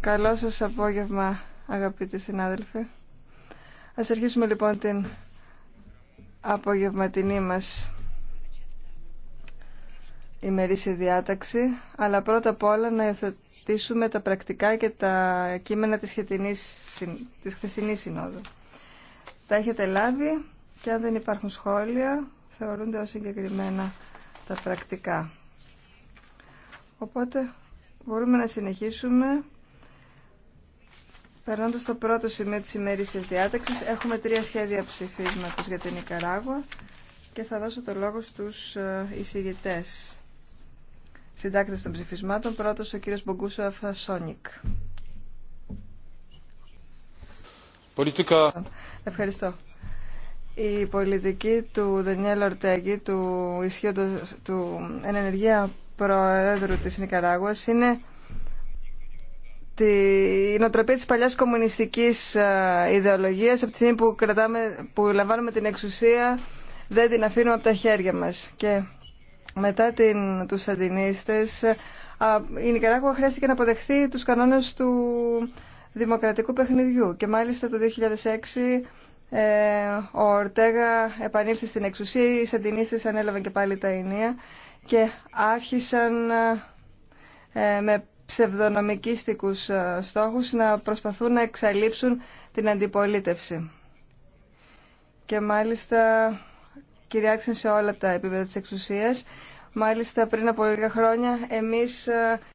Καλό σας απόγευμα αγαπητοί συνάδελφοι. Ας αρχίσουμε λοιπόν την απογευματινή μας ημερήσια διάταξη, αλλά πρώτα απ' όλα να συζητήσουμε τα πρακτικά και τα κείμενα της, χετινής, της χθεσινής συνόδου. Τα έχετε λάβει και αν δεν υπάρχουν σχόλια θεωρούνται ως συγκεκριμένα τα πρακτικά. Οπότε μπορούμε να συνεχίσουμε. Περνώντα το πρώτο σημείο της ημερήσια διάταξη. έχουμε τρία σχέδια ψηφίσματος για την Ικαράγουα και θα δώσω το λόγο στους ε, εισηγητές. Συντάκτε των ψηφισμάτων. Πρώτος ο κύριος Μπογκούσο Αφασόνικ. Πολιτικά. Ευχαριστώ. Η πολιτική του Δανιέλ Ορτέγκη, του ισχύοντος του ενεργεία προέδρου της Νικαράγουας, είναι η νοοτροπία της παλιάς κομμουνιστικής ε, ιδεολογίας από τη στιγμή που, κρατάμε, που λαμβάνουμε την εξουσία δεν την αφήνουμε από τα χέρια μας και μετά την, τους αντινίστες η Νικαράγουα χρειάστηκε να αποδεχθεί τους κανόνες του δημοκρατικού παιχνιδιού και μάλιστα το 2006 ε, ο Ορτέγα επανήλθε στην εξουσία, οι σαντινίστες ανέλαβαν και πάλι τα ενία και άρχισαν ε, με ψευδονομικίστικους ε, στόχους να προσπαθούν να εξαλείψουν την αντιπολίτευση. Και μάλιστα κυριάρχησαν σε όλα τα επίπεδα της εξουσίας. Μάλιστα πριν από λίγα χρόνια εμείς ε,